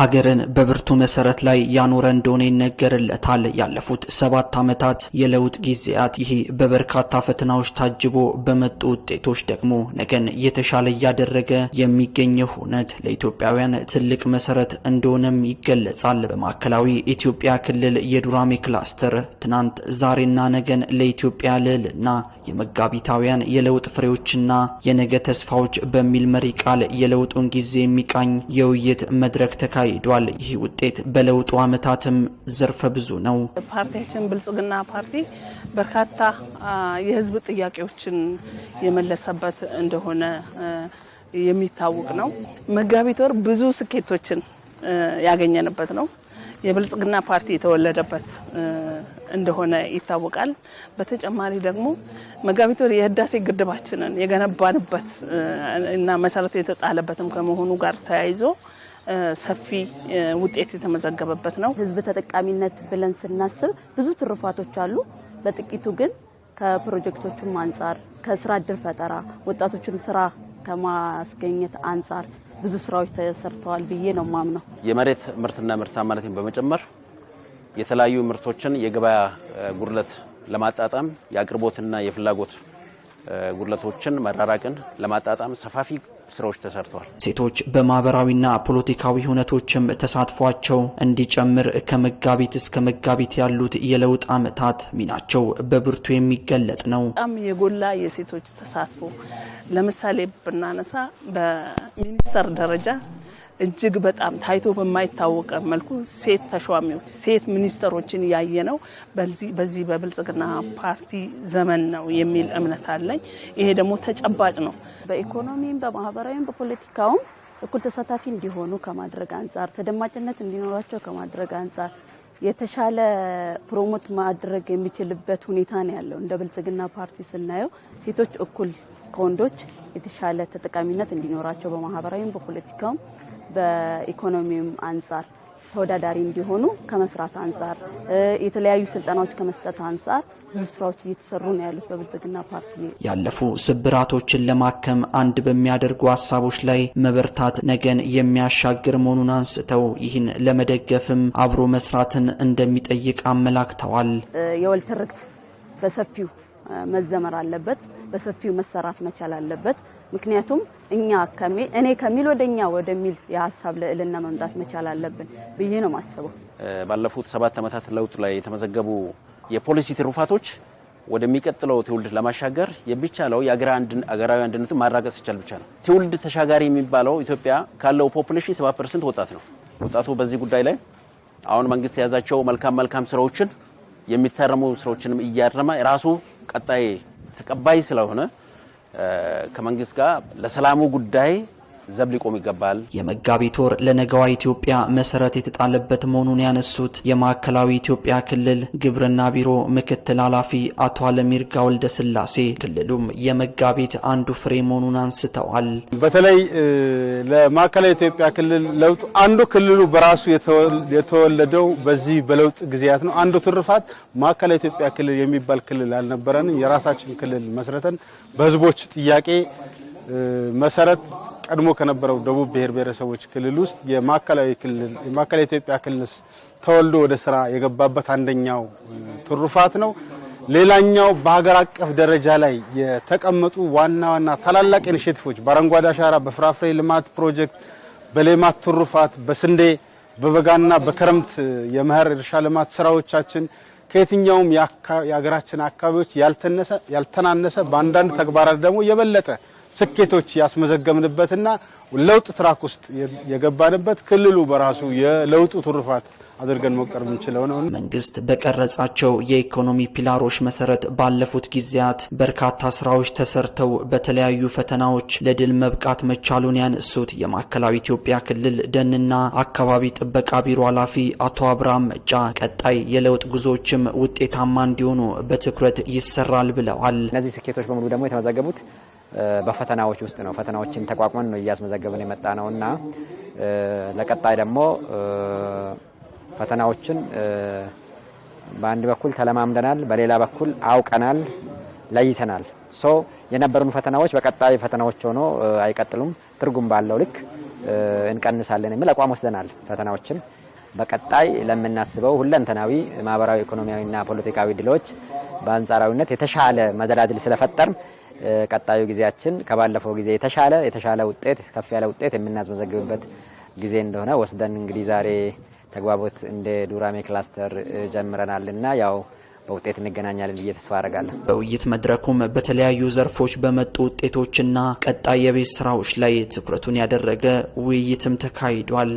ሀገርን በብርቱ መሰረት ላይ ያኖረ እንደሆነ ይነገርለታል። ያለፉት ሰባት ዓመታት የለውጥ ጊዜያት ይህ በበርካታ ፈተናዎች ታጅቦ በመጡ ውጤቶች ደግሞ ነገን የተሻለ እያደረገ የሚገኘው ሁነት ለኢትዮጵያውያን ትልቅ መሰረት እንደሆነም ይገለጻል። በማዕከላዊ ኢትዮጵያ ክልል የዱራሜ ክላስተር ትናንት ዛሬና ነገን ለኢትዮጵያ ልዕልና የመጋቢታውያን የለውጥ ፍሬዎችና የነገ ተስፋዎች በሚል መሪ ቃል የለውጡን ጊዜ የሚቃኝ የውይይት መድረክ ተካሂ ተካሂዷል። ይህ ውጤት በለውጡ ዓመታትም ዘርፈ ብዙ ነው። ፓርቲያችን ብልጽግና ፓርቲ በርካታ የህዝብ ጥያቄዎችን የመለሰበት እንደሆነ የሚታወቅ ነው። መጋቢት ወር ብዙ ስኬቶችን ያገኘንበት ነው። የብልጽግና ፓርቲ የተወለደበት እንደሆነ ይታወቃል። በተጨማሪ ደግሞ መጋቢት ወር የህዳሴ ግድባችንን የገነባንበት እና መሰረት የተጣለበትም ከመሆኑ ጋር ተያይዞ ሰፊ ውጤት የተመዘገበበት ነው። ህዝብ ተጠቃሚነት ብለን ስናስብ ብዙ ትሩፋቶች አሉ። በጥቂቱ ግን ከፕሮጀክቶቹም አንጻር ከስራ እድል ፈጠራ ወጣቶችን ስራ ከማስገኘት አንጻር ብዙ ስራዎች ተሰርተዋል ብዬ ነው ማምነው። የመሬት ምርትና ምርታማነትን በመጨመር የተለያዩ ምርቶችን የገበያ ጉድለት ለማጣጣም የአቅርቦትና የፍላጎት ጉድለቶችን መራራቅን ለማጣጣም ሰፋፊ ስራዎች ተሰርተዋል። ሴቶች በማህበራዊና ፖለቲካዊ ሁነቶችም ተሳትፏቸው እንዲጨምር ከመጋቢት እስከ መጋቢት ያሉት የለውጥ አመታት ሚናቸው በብርቱ የሚገለጥ ነው። በጣም የጎላ የሴቶች ተሳትፎ ለምሳሌ ብናነሳ በሚኒስተር ደረጃ እጅግ በጣም ታይቶ በማይታወቀ መልኩ ሴት ተሿሚዎች፣ ሴት ሚኒስተሮችን ነው በዚህ በብልጽግና ፓርቲ ዘመን ነው የሚል እምነት አለኝ። ይሄ ደግሞ ተጨባጭ ነው። በኢኮኖሚም በማህበራዊም በፖለቲካውም እኩል ተሳታፊ እንዲሆኑ ከማድረግ አንጻር ተደማጭነት እንዲኖራቸው ከማድረግ አንጻር የተሻለ ፕሮሞት ማድረግ የሚችልበት ሁኔታ ነው ያለው። እንደ ብልጽግና ፓርቲ ስናየው ሴቶች እኩል ከወንዶች የተሻለ ተጠቃሚነት እንዲኖራቸው በማህበራዊም በፖለቲካውም በኢኮኖሚም አንጻር ተወዳዳሪ እንዲሆኑ ከመስራት አንጻር የተለያዩ ስልጠናዎች ከመስጠት አንጻር ብዙ ስራዎች እየተሰሩ ነው ያሉት በብልጽግና ፓርቲ። ያለፉ ስብራቶችን ለማከም አንድ በሚያደርጉ ሀሳቦች ላይ መበርታት ነገን የሚያሻግር መሆኑን አንስተው ይህን ለመደገፍም አብሮ መስራትን እንደሚጠይቅ አመላክተዋል። የወል ትርክት በሰፊው መዘመር አለበት፣ በሰፊው መሰራት መቻል አለበት። ምክንያቱም እኛ እኔ ከሚል ወደ እኛ ወደሚል የሀሳብ ልዕልና መምጣት መቻል አለብን ብዬ ነው የማስበው። ባለፉት ሰባት ዓመታት ለውጥ ላይ የተመዘገቡ የፖሊሲ ትሩፋቶች ወደሚቀጥለው ትውልድ ለማሻገር የሚቻለው የአገራዊ አንድነትን ማራቀቅ ሲቻል ብቻ ነው። ትውልድ ተሻጋሪ የሚባለው ኢትዮጵያ ካለው ፖፕሌሽን 7 ፐርሰንት ወጣት ነው። ወጣቱ በዚህ ጉዳይ ላይ አሁን መንግስት የያዛቸው መልካም መልካም ስራዎችን የሚታረሙ ስራዎችንም እያረመ ራሱ ቀጣይ ተቀባይ ስለሆነ ከመንግስት ጋር ለሰላሙ ጉዳይ ዘብ ሊቆም ይገባል። የመጋቢት ወር ለነገዋ ኢትዮጵያ መሰረት የተጣለበት መሆኑን ያነሱት የማዕከላዊ ኢትዮጵያ ክልል ግብርና ቢሮ ምክትል ኃላፊ አቶ አለሚርጋ ወልደ ስላሴ ክልሉም የመጋቢት አንዱ ፍሬ መሆኑን አንስተዋል። በተለይ ለማዕከላዊ ኢትዮጵያ ክልል ለውጥ አንዱ ክልሉ በራሱ የተወለደው በዚህ በለውጥ ጊዜያት ነው። አንዱ ትርፋት ማዕከላዊ ኢትዮጵያ ክልል የሚባል ክልል አልነበረንም። የራሳችን ክልል መስረተን በህዝቦች ጥያቄ መሰረት ቀድሞ ከነበረው ደቡብ ብሔር ብሔረሰቦች ክልል ውስጥ የማዕከላዊ ክልል የማዕከላዊ ኢትዮጵያ ክልል ተወልዶ ወደ ስራ የገባበት አንደኛው ትሩፋት ነው። ሌላኛው በሀገር አቀፍ ደረጃ ላይ የተቀመጡ ዋና ዋና ታላላቅ ኢኒሼቲቮች በአረንጓዴ አሻራ፣ በፍራፍሬ ልማት ፕሮጀክት፣ በሌማት ትሩፋት፣ በስንዴ በበጋና በክረምት የመኸር እርሻ ልማት ስራዎቻችን ከየትኛውም የሀገራችን አካባቢዎች ያልተናነሰ በአንዳንድ ተግባራት ደግሞ የበለጠ ስኬቶች ያስመዘገብንበትና ለውጥ ትራክ ውስጥ የገባንበት ክልሉ በራሱ የለውጡ ትሩፋት አድርገን መቁጠር የምንችለው ነው። መንግስት በቀረጻቸው የኢኮኖሚ ፒላሮች መሰረት ባለፉት ጊዜያት በርካታ ስራዎች ተሰርተው በተለያዩ ፈተናዎች ለድል መብቃት መቻሉን ያነሱት የማዕከላዊ ኢትዮጵያ ክልል ደንና አካባቢ ጥበቃ ቢሮ ኃላፊ አቶ አብርሃም መጫ ቀጣይ የለውጥ ጉዞዎችም ውጤታማ እንዲሆኑ በትኩረት ይሰራል ብለዋል። እነዚህ ስኬቶች በሙሉ ደግሞ የተመዘገቡት በፈተናዎች ውስጥ ነው። ፈተናዎችን ተቋቁመን ነው እያስመዘገብን የመጣ ነው እና ለቀጣይ ደግሞ ፈተናዎችን በአንድ በኩል ተለማምደናል፣ በሌላ በኩል አውቀናል፣ ለይተናል። ሶ የነበሩን ፈተናዎች በቀጣይ ፈተናዎች ሆኖ አይቀጥሉም፣ ትርጉም ባለው ልክ እንቀንሳለን የሚል አቋም ወስደናል። ፈተናዎችን በቀጣይ ለምናስበው ሁለንተናዊ ማህበራዊ፣ ኢኮኖሚያዊና ፖለቲካዊ ድሎች በአንጻራዊነት የተሻለ መደላድል ስለፈጠርን ቀጣዩ ጊዜያችን ከባለፈው ጊዜ የተሻለ የተሻለ ውጤት ከፍ ያለ ውጤት የምናስመዘግብበት ጊዜ እንደሆነ ወስደን እንግዲህ ዛሬ ተግባቦት እንደ ዱራሜ ክላስተር ጀምረናልና ያው በውጤት እንገናኛለን ብዬ ተስፋ አረጋለሁ። በውይይት መድረኩም በተለያዩ ዘርፎች በመጡ ውጤቶችና ቀጣይ የቤት ስራዎች ላይ ትኩረቱን ያደረገ ውይይትም ተካሂዷል።